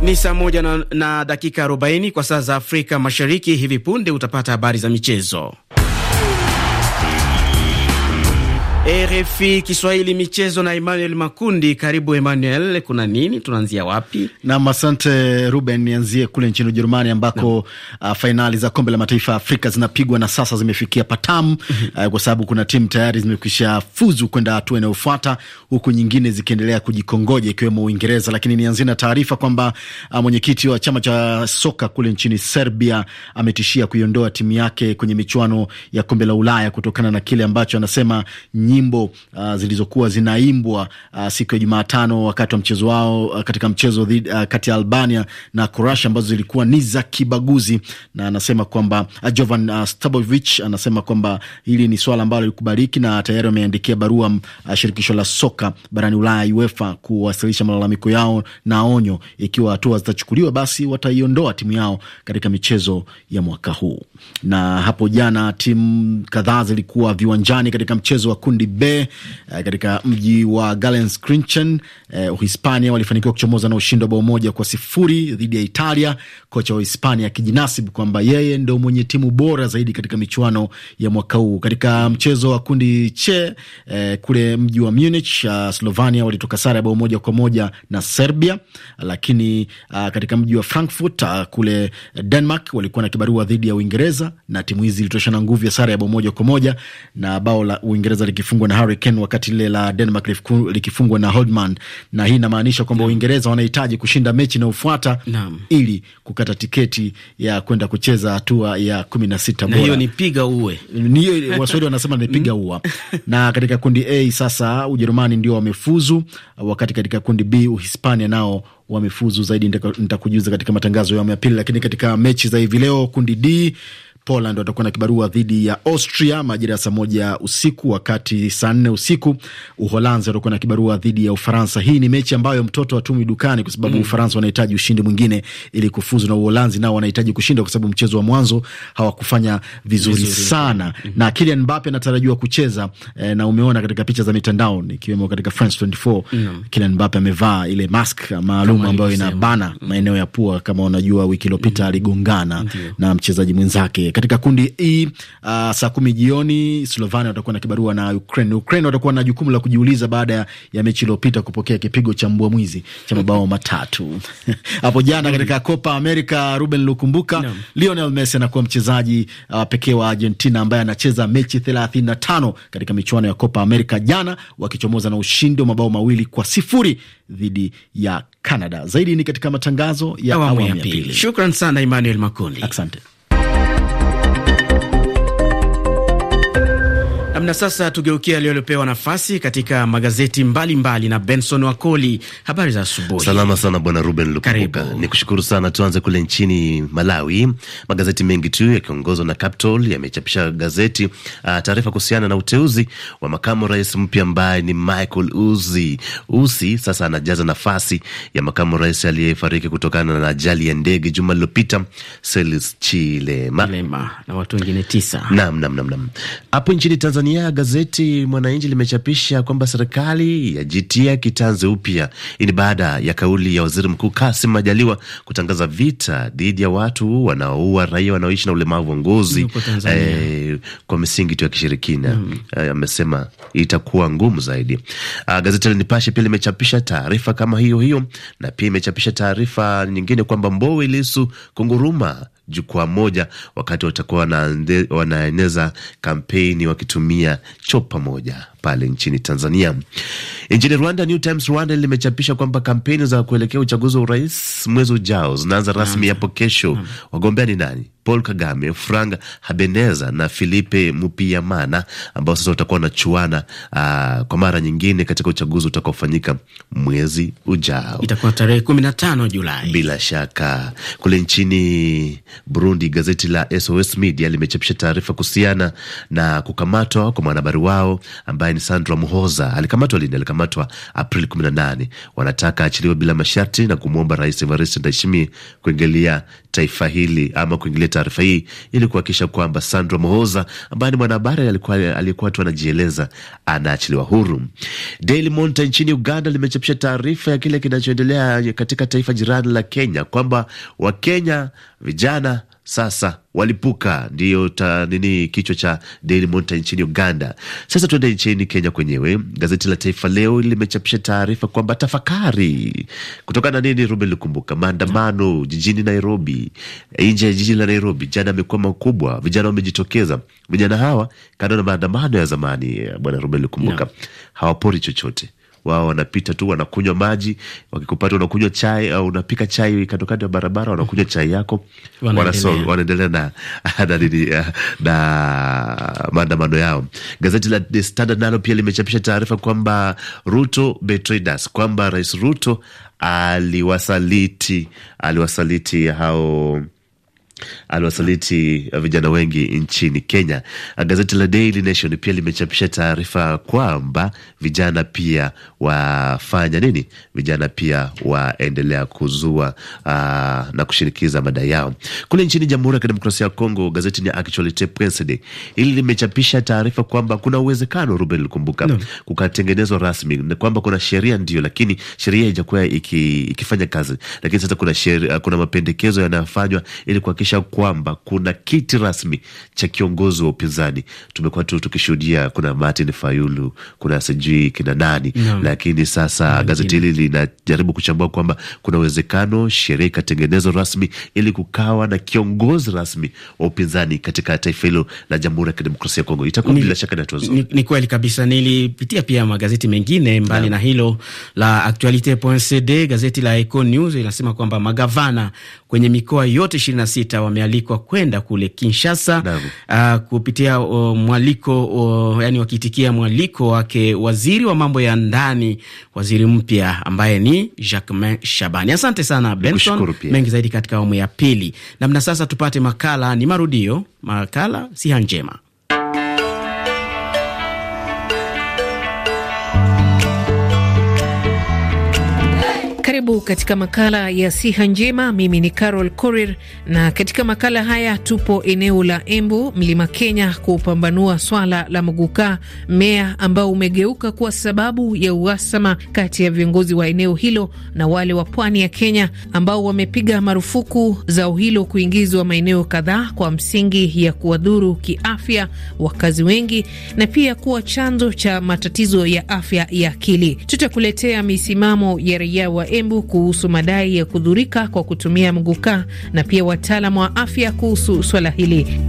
Ni saa moja na, na dakika 40 kwa saa za Afrika Mashariki. Hivi punde utapata habari za michezo. RFI Kiswahili michezo na Emmanuel Makundi. Karibu Emmanuel, kuna nini? Tunaanzia wapi? Nam, asante Ruben. Nianzie kule nchini Ujerumani ambako uh, fainali za kombe la mataifa ya Afrika zinapigwa na sasa zimefikia patamu mhm. uh, kwa sababu kuna timu tayari zimekwisha fuzu kwenda hatua inayofuata huku nyingine zikiendelea kujikongoja ikiwemo Uingereza. Lakini nianzie na taarifa kwamba uh, mwenyekiti wa chama cha soka kule nchini Serbia ametishia kuiondoa timu yake kwenye michuano ya kombe la Ulaya kutokana na kile ambacho anasema nyi nyimbo uh, zilizokuwa zinaimbwa uh, siku ya Jumatano wakati wa mchezo wao uh, katika mchezo uh, kati ya Albania na Croatia ambazo zilikuwa ni za kibaguzi, na anasema kwamba uh, Jovan uh, Stabovich anasema kwamba hili ni swala ambalo likubaliki, na tayari wameandikia barua uh, shirikisho la soka barani Ulaya UEFA kuwasilisha malalamiko yao na onyo, ikiwa hatua zitachukuliwa, basi wataiondoa timu yao katika michezo ya mwaka huu. Na hapo jana timu kadhaa zilikuwa viwanjani katika mchezo wa kundi kundi B eh, katika mji wa Gelsenkirchen uh, eh, Uhispania walifanikiwa kuchomoza na ushindi wa bao moja kwa sifuri dhidi ya Italia, kocha wa Hispania akijinasibu kwamba yeye ndo mwenye timu bora zaidi katika michuano ya mwaka huu. Katika mchezo wa kundi che eh, kule mji wa Munich uh, eh, Slovania walitoka sare ya bao moja kwa moja na Serbia, lakini uh, katika mji wa Frankfurt uh, kule Denmark walikuwa na kibarua dhidi ya Uingereza na timu hizi ilitoshana nguvu ya sare ya bao moja kwa moja na bao la Uingereza likifu likifungwa na Harry Kane, wakati lile la Denmark likifungwa na Holdman, na hii inamaanisha kwamba Uingereza wanahitaji kushinda mechi inayofuata ili kukata tiketi ya kwenda kucheza hatua ya kumi na sita bora. Hiyo ni piga uwe, Waswahili wanasema ni piga uwa. Mm. Na katika kundi A sasa Ujerumani ndio wamefuzu, wakati katika kundi B Uhispania nao wamefuzu. Zaidi nitakujuza katika matangazo ya awamu ya pili, lakini katika mechi za hivi leo kundi D Poland watakuwa na kibarua dhidi ya Austria majira ya saa moja usiku, wakati saa nne usiku Uholanzi watakuwa na kibarua dhidi ya Ufaransa. Hii ni mechi ambayo mtoto hatumi dukani, kwa sababu mm. Ufaransa wanahitaji ushindi mwingine ili kufuzu, na Uholanzi nao wanahitaji kushinda, kwa sababu mchezo wa mwanzo hawakufanya vizuri, vizuri sana mm. na Kylian Mbappe anatarajiwa kucheza eh, na umeona katika picha za mitandao ikiwemo katika France 24 mm. Kylian Mbappe amevaa ile mask ah, maalum ambayo inabana mm. maeneo ya pua. Kama unajua wiki iliyopita mm. aligongana mm. na mchezaji mwenzake katika kundi E, uh, saa kumi jioni Slovenia watakuwa na kibarua na Ukraine. Ukraine watakuwa na jukumu la kujiuliza baada ya mechi iliyopita kupokea kipigo cha mbwa mwizi cha mabao matatu hapo jana katika Copa America. Ruben lukumbuka no. Lionel Messi anakuwa mchezaji uh, pekee wa Argentina ambaye anacheza mechi thelathini na tano katika michuano ya Copa America, jana wakichomoza na ushindi wa mabao mawili kwa sifuri dhidi ya Canada. Zaidi ni katika matangazo ya awamu ya pili. Shukran sana Emmanuel Makundi, asante. Namna sasa, tugeukia aliyopewa nafasi katika magazeti mbalimbali mbali na Benson Wakoli. Habari za asubuhi. Salama sana bwana Ruben Lukumbuka, ni kushukuru sana. Tuanze kule nchini Malawi, magazeti mengi tu yakiongozwa na Capital yamechapisha gazeti uh, taarifa kuhusiana na uteuzi wa makamu rais mpya ambaye ni Michael Uzi Usi. Sasa anajaza nafasi ya makamu rais aliyefariki kutokana na ajali ya ndege juma lilopita, Celis Chilema na watu wengine tisa. Naam, naam, naam, naam. Hapo nchini Tanzania Tanzania, gazeti Mwananchi limechapisha kwamba serikali yajitia kitanzi upya. Hii ni baada ya kauli ya waziri mkuu Kassim Majaliwa kutangaza vita dhidi ya watu wanaoua raia wanaoishi na ulemavu wa ngozi eh, kwa misingi tu ya kishirikina. Hmm. Eh, amesema eh, itakuwa ngumu zaidi. Ah, gazeti la Nipashe pia limechapisha taarifa kama hiyo hiyo, na pia imechapisha taarifa nyingine kwamba Mbowe, Lissu, Kunguruma jukwaa moja wakati watakuwa wanaeneza kampeni wakitumia chopa moja pale nchini Tanzania. Nchini Rwanda, New Times Rwanda limechapisha kwamba kampeni za kuelekea uchaguzi wa urais mwezi ujao zinaanza rasmi mm. hapo kesho. Mm. Wagombea ni nani? Paul Kagame, Frank Habeneza na Filipe Mupiamana ambao sasa watakuwa wanachuana ah, kwa mara nyingine katika uchaguzi utakaofanyika mwezi ujao, itakuwa tarehe tano Julai. Bila shaka kule nchini Burundi, gazeti la SOS Media limechapisha taarifa kuhusiana na kukamatwa kwa mwanahabari wao ambaye ambaye ni Sandra Muhoza alikamatwa lini? Alikamatwa Aprili 18. Wanataka achiliwe bila masharti na kumwomba Rais Evariste Ndayishimiye kuingilia taifa hili ama kuingilia taarifa hii ili kuhakikisha kwamba Sandra Muhoza ambaye ni mwanahabari aliyekuwa tu anajieleza anaachiliwa huru. Daily Monitor nchini Uganda limechapisha taarifa ya kile kinachoendelea katika taifa jirani la Kenya kwamba Wakenya vijana sasa walipuka, ndiyo nini kichwa cha Daily Monitor nchini Uganda. Sasa tuende nchini Kenya kwenyewe. Gazeti la Taifa Leo limechapisha taarifa kwamba tafakari kutokana na nini, Ruben likumbuka maandamano jijini Nairobi, nje ya jiji la Nairobi jana amekuwa makubwa, vijana wamejitokeza. Vijana hawa kando na maandamano ya zamani, eh, bwana Ruben Lukumbuka, hawapori chochote wao wanapita tu wanakunywa maji, wakikupata unakunywa chai au unapika chai kandokando ya barabara, wanakunywa chai yako, wanaendelea na eh, na maandamano yao. Gazeti la The Standard nalo pia limechapisha taarifa kwamba Ruto betrayers, kwamba Rais Ruto aliwasaliti aliwasaliti hao aliwasaliti vijana wengi nchini Kenya. Gazeti la Daily Nation pia limechapisha taarifa kwamba vijana pia wafanya nini? Vijana pia waendelea kuzua aa, ah, na kushinikiza madai yao. Kule nchini Jamhuri ya Kidemokrasia ya Kongo, gazeti ni Actualite Presse hili limechapisha taarifa kwamba kuna uwezekano Ruben Lukumbuka no. kukatengenezwa rasmi, kwamba kuna sheria ndio, lakini sheria haijakuwa iki, ikifanya kazi, lakini sasa kuna sheria, kuna mapendekezo yanayofanywa ili kuhakikisha kuhakikisha kwamba kuna kiti rasmi cha kiongozi wa upinzani. Tumekuwa tu tukishuhudia kuna Martin Fayulu, kuna sijui kina nani no. Lakini sasa no, gazeti hili linajaribu kuchambua kwamba kuna uwezekano sheria ikatengenezwa rasmi ili kukawa na kiongozi rasmi wa upinzani katika taifa hilo la Jamhuri ya Kidemokrasia ya Kongo. Itakuwa bila shaka ni Ni, ni kweli kabisa. Nilipitia pia magazeti mengine mbali yeah, na hilo la Actualite.cd, gazeti la Eco News inasema kwamba magavana kwenye mikoa yote sita wamealikwa kwenda kule Kinshasa uh, kupitia uh, mwaliko uh, yani wakiitikia mwaliko wake waziri wa mambo ya ndani, waziri mpya ambaye ni Jacquemain Shabani. Asante sana Benson, mengi zaidi katika awamu ya pili. Namna sasa tupate makala, ni marudio, makala siha njema. Karibu katika makala ya siha njema. Mimi ni Carol Korir, na katika makala haya tupo eneo la Embu, mlima Kenya, kupambanua swala la Muguka, mmea ambao umegeuka kuwa sababu ya uhasama kati ya viongozi wa eneo hilo na wale wa pwani ya Kenya, ambao wamepiga marufuku zao hilo kuingizwa maeneo kadhaa kwa msingi ya kuwadhuru kiafya wakazi wengi na pia kuwa chanzo cha matatizo ya afya ya akili. Tutakuletea misimamo ya raia wa Embu Mbu kuhusu madai ya kudhurika kwa kutumia mguka na pia wataalam wa afya kuhusu swala hili.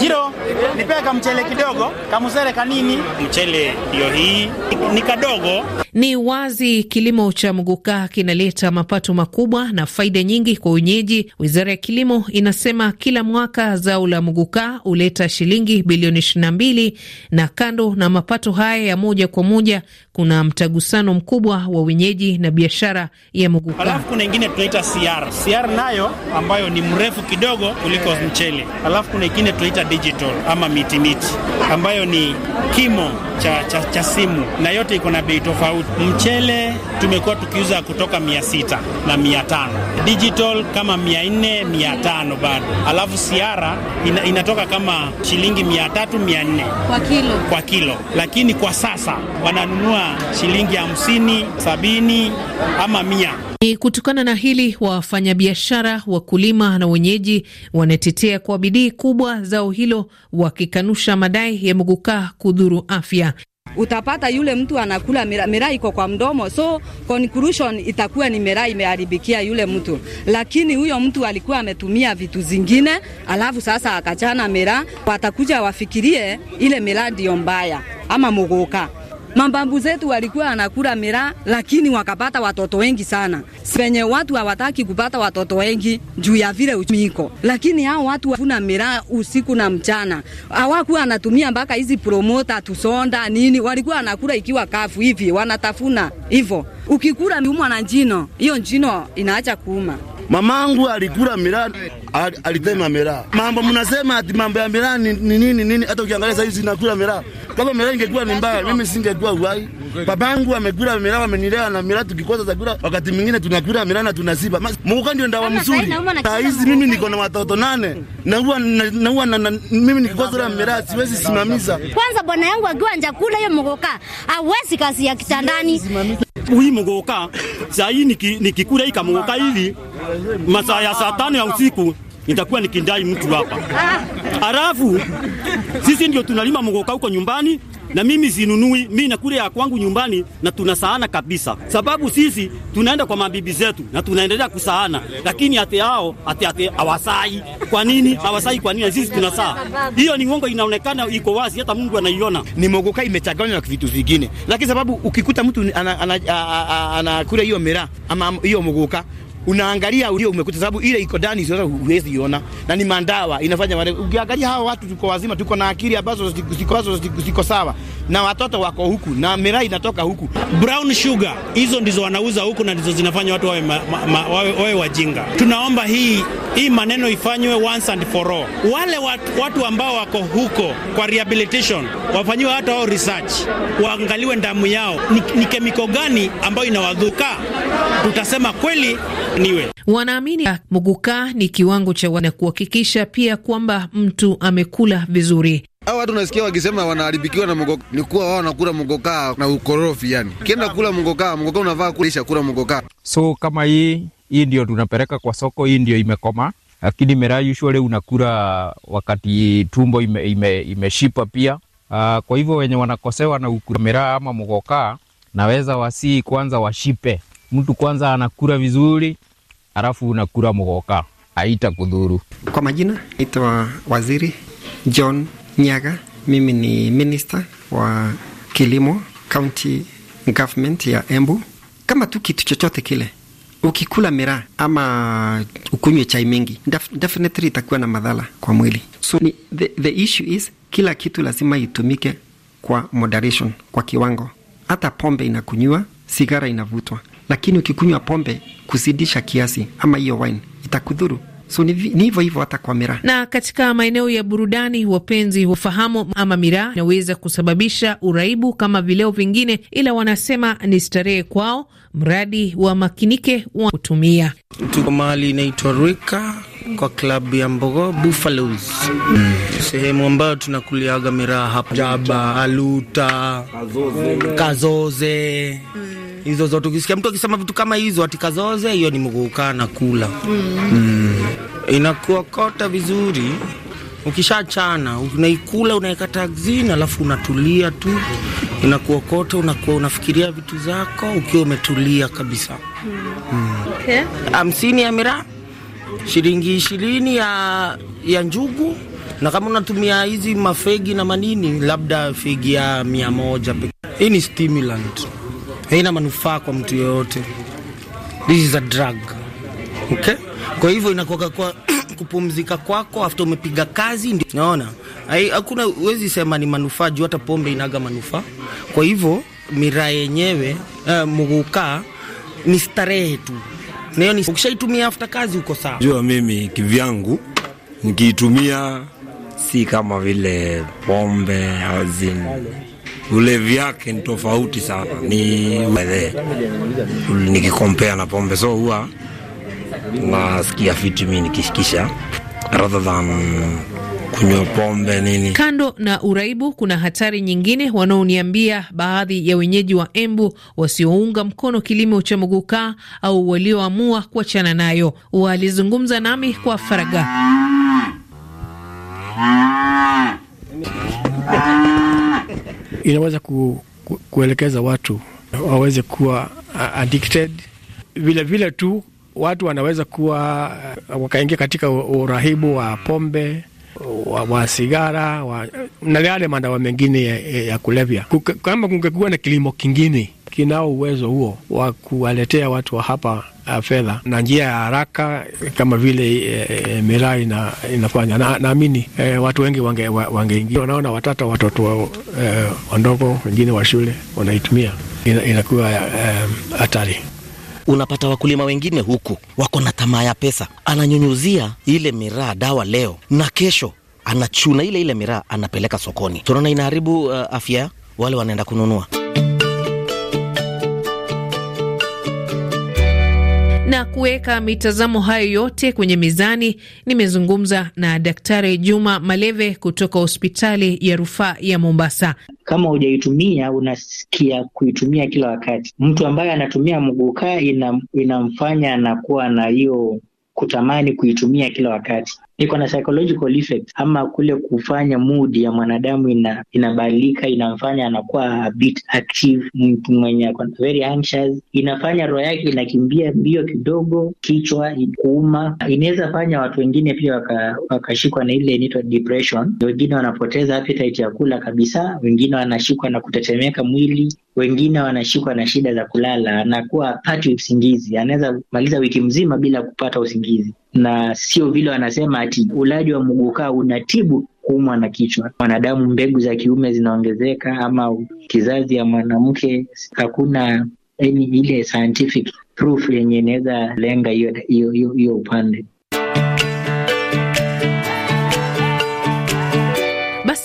Jiro, nipea kamchele kidogo, kamusere kanini. Mchele ndio hii ni kadogo ni wazi kilimo cha mgukaa kinaleta mapato makubwa na faida nyingi kwa wenyeji. Wizara ya Kilimo inasema kila mwaka zao la muguka huleta shilingi bilioni 22, na kando na mapato haya ya moja kwa moja, kuna mtagusano mkubwa wa wenyeji na biashara ya mgukaa. Alafu kuna ingine tunaita CR. CR nayo ambayo ni mrefu kidogo kuliko mchele. Alafu kuna ingine tunaita digital ama mitimiti, ambayo ni kimo cha, cha, cha simu, na yote iko na bei tofauti. Mchele tumekuwa tukiuza kutoka mia sita na mia tano digital kama mia nne mia tano bado, alafu siara ina, inatoka kama shilingi mia tatu mia nne kwa kilo, kwa kilo. Lakini kwa sasa wananunua shilingi hamsini sabini ama mia. Ni kutokana na hili wafanyabiashara, wakulima na wenyeji wanatetea kwa bidii kubwa zao hilo, wakikanusha madai ya muguka kudhuru afya utapata yule mtu anakula miraa mira iko kwa mdomo, so conclusion itakuwa ni miraa imeharibikia yule mtu, lakini huyo mtu alikuwa ametumia vitu zingine, alafu sasa akachana miraa. Watakuja wafikirie ile miraa ndio mbaya ama mugoka Mambambu zetu walikuwa anakula miraa, lakini wakapata watoto wengi sana. Penye watu hawataki kupata watoto wengi juu ya vile uchumiko, lakini hao watu wafuna miraa usiku na mchana, hawakuwa anatumia mpaka hizi promota tusonda nini, walikuwa anakula ikiwa kafu hivi, wanatafuna hivyo. Ukikula miumwa na njino, hiyo njino inaacha kuuma. Mamangu alikula miraa, alitema miraa. Mambo mnasema ati mambo ya miraa ni nini nini, hata ukiangalia sasa hizi nakula miraa. Kama miraa ingekuwa ni mbaya, mimi singekuwa uhai. Babangu amekula miraa, amenilea na miraa, tukikosa chakula wakati mwingine tunakula miraa na tunasiba. Mungu ndio ndawa mzuri. Sasa hizi mimi niko na watoto nane na huwa na huwa na, mimi nikikosa ile miraa siwezi simamiza. Kwanza bwana yangu akiwa njakula hiyo mgoka, hawezi kazi ya kitandani. Hii mgoka, sasa hii nikikula hii kamoka hivi masaa ya saa tano ya usiku nitakuwa nikindai mtu hapa. Alafu sisi ndio tunalima mgoka huko nyumbani na mimi zinunui, mi nakula ya kwangu nyumbani, na tunasaana kabisa, sababu sisi tunaenda kwa mabibi zetu na tunaendelea kusaana, lakini ate hao ate ate awasai. Kwa nini awasai? Kwa nini sisi tunasaa? Hiyo ni uongo, inaonekana iko wazi, hata Mungu anaiona. Ni mogoka imechanganywa na vitu vingine, lakini sababu ukikuta mtu anakula ana, ana, ana, ana hiyo mera ama hiyo mogoka unaangalia ulio umekuta, sababu ile iko ndani, sio, huwezi iona, na ni mandawa inafanya wale. Ukiangalia hao watu tuko wazima, tuko na akili ambazo ziko ziko sawa, na watoto wako huku na mera inatoka huku. Brown sugar hizo ndizo wanauza huku na ndizo zinafanya watu wawe, ma, ma, wawe, wawe wajinga. Tunaomba hii hii maneno ifanywe once and for all. Wale watu, watu ambao wako huko kwa rehabilitation wafanyiwe hata wao research, waangaliwe ndamu yao ni, ni kemiko gani ambayo inawadhuka. Tutasema kweli niwe. Wanaamini muguka ni kiwango cha wana kuhakikisha pia kwamba mtu amekula vizuri. Hao watu nasikia wakisema wanaharibikiwa na mgoka, ni kuwa wao wanakula mgoka na ukorofi yani. Kienda kula mgoka, mgoka unavaa kulisha kula mgoka. So kama hii hii ndio tunapeleka kwa soko, hii ndio imekoma. Lakini miraa usually unakula wakati tumbo imeshipa ime, ime, pia. Uh, kwa hivyo wenye wanakosewa na ukula miraa ama mgoka naweza wasii kwanza washipe. Mtu kwanza anakula vizuri alafu nakura mugoka aita kudhuru. Kwa majina naitwa Waziri John Nyaga, mimi ni minister wa kilimo county government ya Embu. Kama tu kitu chochote kile ukikula miraa ama ukunywe chai mingi def, definitely itakuwa na madhara kwa mwili. So ni, the, the issue is kila kitu lazima itumike kwa moderation, kwa kiwango. Hata pombe inakunywa, sigara inavutwa, lakini ukikunywa pombe kuzidisha kiasi ama hiyo wine itakudhuru. So ni hivyo hivyo hata kwa miraa. Na katika maeneo ya burudani, wapenzi wafahamu ama miraa inaweza kusababisha uraibu kama vileo vingine, ila wanasema ni starehe kwao, mradi wa makinike wa kutumia. Tuko mahali inaitwa Rwika kwa klabu ya Mbogo Buffaloes, mm. Sehemu ambayo tunakuliaga miraa hapa, jaba aluta kazoze, kazoze. Mm hizo zote. Ukisikia mtu akisema vitu kama hizo atikazoze, hiyo ni mguukana na kula mm. Mm. Inakuokota vizuri ukishachana unaikula unaweka zina, alafu unatulia tu, inakuokota unakuwa unafikiria vitu zako ukiwa umetulia kabisa hamsini mm. mm. Okay. ya miraa, shilingi ishirini ya, ya njugu, na kama unatumia hizi mafegi na manini, labda fegi ya mia moja. Hii ni stimulant haina manufaa kwa mtu yoyote This is a drug. Okay? Kwa hivyo inakuwa kwa kupumzika kwako after umepiga kazi, ndio naona hakuna, uwezi sema ni manufaa juu hata pombe inaga manufaa. Kwa hivyo miraa yenyewe uh, eh, muguka ni starehe tu, nayo ni ukishaitumia after kazi uko sawa. Jua mimi kivyangu nikiitumia si kama vile pombe au zingine ulevi yake ni tofauti sana, ni nikikompea na pombe, so huwa nasikia fiti mi nikishikisha rather than kunywa pombe nini. Kando na uraibu, kuna hatari nyingine wanaoniambia baadhi ya wenyeji wa Embu wasiounga mkono kilimo cha muguka au walioamua kuachana nayo, walizungumza nami kwa faragha. inaweza ku, ku, kuelekeza watu waweze kuwa addicted. Vile vile tu watu wanaweza kuwa wakaingia katika urahibu wa pombe wa, wa sigara wa, na yale madawa mengine ya, ya kulevya. Kama kungekuwa na kilimo kingine kinao uwezo huo wa kuwaletea watu wa hapa fedha na njia ya haraka kama vile e, miraa ina, inafanya. Naamini e, watu wengi wangeingia wange, wanaona watata watoto wa, e, eh, wandogo wengine wa shule wanaitumia, inakuwa hatari e, unapata wakulima wengine huku wako na tamaa ya pesa, ananyunyuzia ile miraa dawa leo na kesho anachuna ile ile miraa anapeleka sokoni. Tunaona inaharibu uh, afya wale wanaenda kununua. Na kuweka mitazamo hayo yote kwenye mizani, nimezungumza na Daktari Juma Maleve kutoka hospitali ya rufaa ya Mombasa. Kama hujaitumia unasikia kuitumia kila wakati. Mtu ambaye anatumia mguu kaa inamfanya anakuwa na hiyo kutamani kuitumia kila wakati iko na psychological effect ama kule kufanya mood ya mwanadamu ina inabadilika, inamfanya anakuwa a bit active, mtu mwenye very anxious, inafanya roho yake inakimbia mbio kidogo, kichwa kuuma. Inaweza fanya watu wengine pia waka, wakashikwa na ile inaitwa depression. Wengine wanapoteza appetite ya kula kabisa, wengine wanashikwa na kutetemeka mwili, wengine wanashikwa na shida za kulala, anakuwa pati usingizi, anaweza maliza wiki mzima bila kupata usingizi na sio vile wanasema ati ulaji wa mugukaa unatibu kuumwa na kichwa. mwanadamu mbegu za kiume zinaongezeka, ama kizazi ya mwanamke, hakuna ile scientific proof yenye inaweza lenga hiyo upande.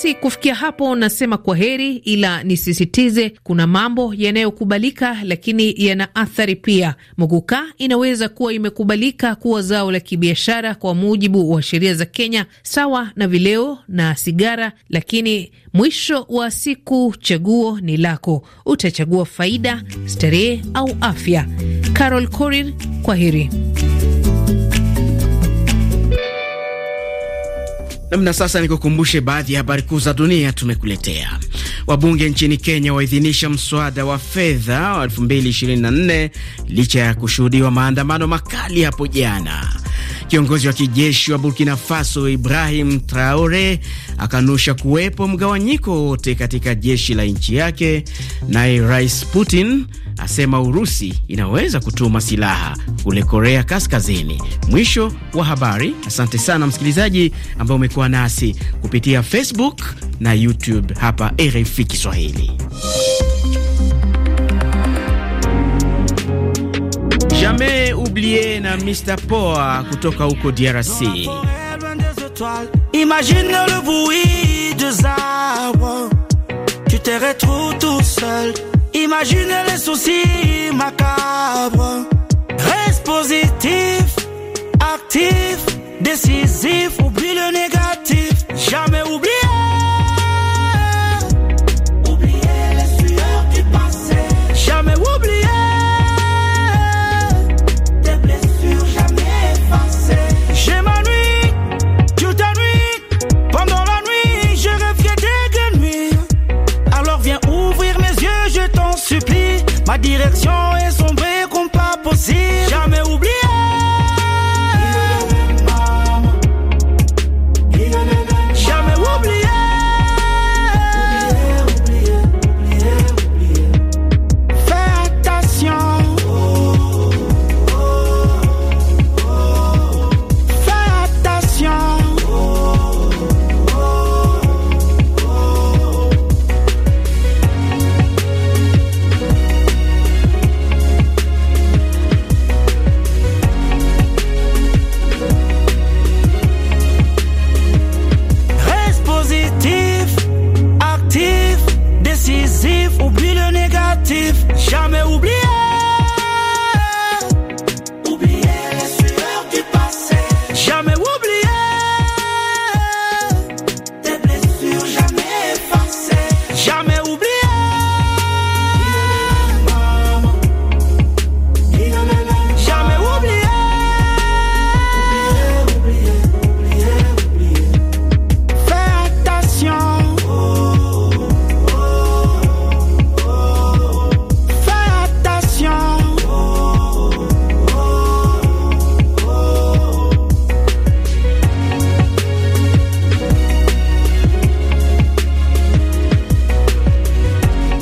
Basi kufikia hapo nasema kwa heri, ila nisisitize kuna mambo yanayokubalika lakini yana athari pia. Muguka inaweza kuwa imekubalika kuwa zao la kibiashara kwa mujibu wa sheria za Kenya, sawa na vileo na sigara, lakini mwisho wa siku chaguo ni lako. Utachagua faida, starehe au afya? Carol Korir, kwa heri. Namna sasa, nikukumbushe baadhi ya habari kuu za dunia tumekuletea. Wabunge nchini Kenya waidhinisha mswada wa fedha wa 2024 licha ya kushuhudiwa maandamano makali hapo jana. Kiongozi wa kijeshi wa Burkina Faso Ibrahim Traore akanusha kuwepo mgawanyiko wote katika jeshi la nchi yake, naye Rais Putin asema Urusi inaweza kutuma silaha kule Korea Kaskazini. Mwisho wa habari. Asante sana msikilizaji ambaye umekuwa nasi kupitia Facebook na YouTube hapa RFI Kiswahili. Jamais oublié na Mr Poa kutoka huko DRC. Imagine le bruit des arbres, tu te retrouves tout seul. Imagine les soucis macabres. Reste positif, actif, décisif, oublie le négatif. Jamais oublie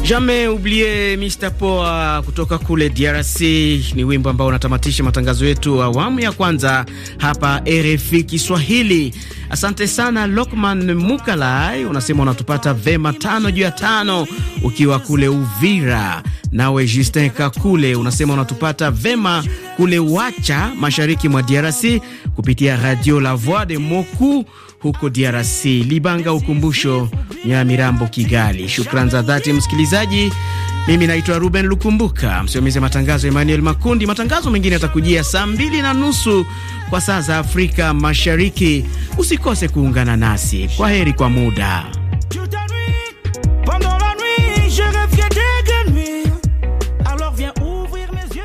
Jamais ublie Mr Poa kutoka kule DRC. Ni wimbo ambao unatamatisha matangazo yetu awamu ya kwanza hapa RFI Kiswahili. Asante sana Lokman Mukalai, unasema unatupata vema tano juu ya tano ukiwa kule Uvira. Nawe Justin Kakule unasema unatupata vema kule Wacha, mashariki mwa DRC kupitia Radio La Voix de Moku huko DRC. Libanga Ukumbusho, Nyamirambo, Kigali. Shukran za dhati msikilizaji. Mimi naitwa Ruben Lukumbuka, msimamizi wa matangazo Emmanuel Makundi. Matangazo mengine yatakujia saa mbili na nusu kwa saa za Afrika Mashariki. Usiku usikose kuungana nasi. Kwa heri kwa muda.